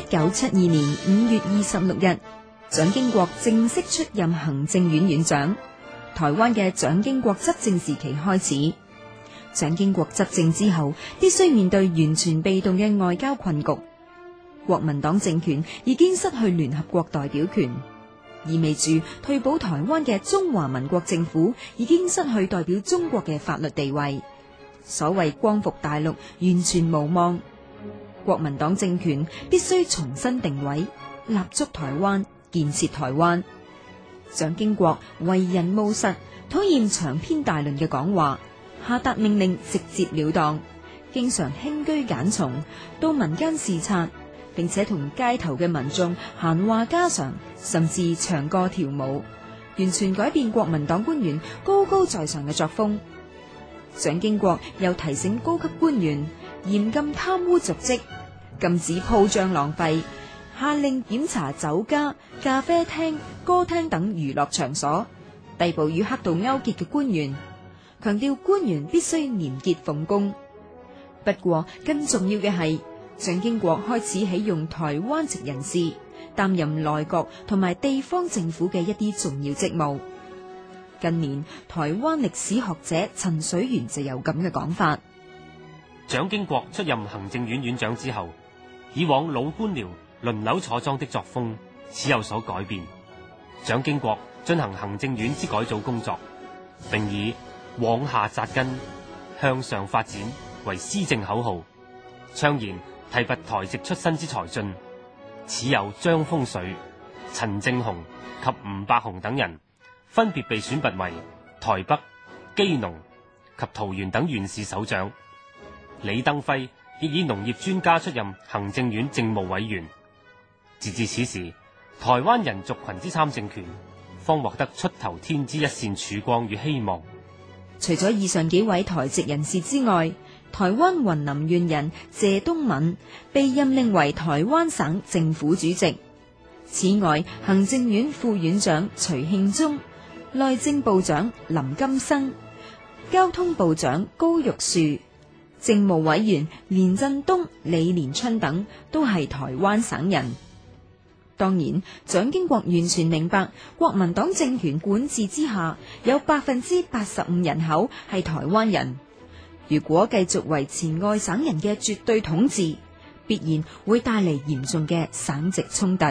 一九七二年五月二十六日，蔣經國正式出任行政院院長，台灣嘅蔣經國執政時期開始。蔣經國執政之後，必須面對完全被動嘅外交困局。國民黨政權已經失去聯合國代表權，意味住退保台灣嘅中華民國政府已經失去代表中國嘅法律地位。所謂光復大陸，完全無望。國民黨政權必須重新定位，立足台灣，建設台灣。蔣經國為人務實，討厭長篇大論嘅講話，下達命令直接了當，經常輕居簡從，到民間視察，並且同街頭嘅民眾閒話家常，甚至唱歌跳舞，完全改變國民黨官員高高在上嘅作風。蔣經國又提醒高級官員。嚴禁貪污瀆職，禁止鋪張浪費，下令檢查酒家、咖啡廳、歌廳等娛樂場所，逮捕與黑道勾結嘅官員，強調官員必須廉潔奉公。不過，更重要嘅係，蔣經國開始起用台灣籍人士擔任內閣同埋地方政府嘅一啲重要職務。近年，台灣歷史學者陳水源就有咁嘅講法。蔣經國出任行政院院長之後，以往老官僚輪流坐莊的作風，始有所改變。蔣經國進行行政院之改造工作，並以往下紮根、向上發展為施政口號。倡言提拔台籍出身之才俊，始有張豐水、陳正雄及吳伯雄等人，分別被選拔為台北、基隆及桃園等縣市首長。李登輝亦以農業專家出任行政院政務委員。直至此時，台灣人族群之參政權方獲得出頭天之一線曙光與希望。除咗以上幾位台籍人士之外，台灣雲林縣人謝東閔被任命為台灣省政府主席。此外，行政院副院長徐慶鐘、內政部長林金生、交通部長高玉樹。政務委員連振東、李連春等都係台灣省人。當然，蔣經國完全明白國民黨政權管治之下，有百分之八十五人口係台灣人。如果繼續維持外省人嘅絕對統治，必然會帶嚟嚴重嘅省籍衝突。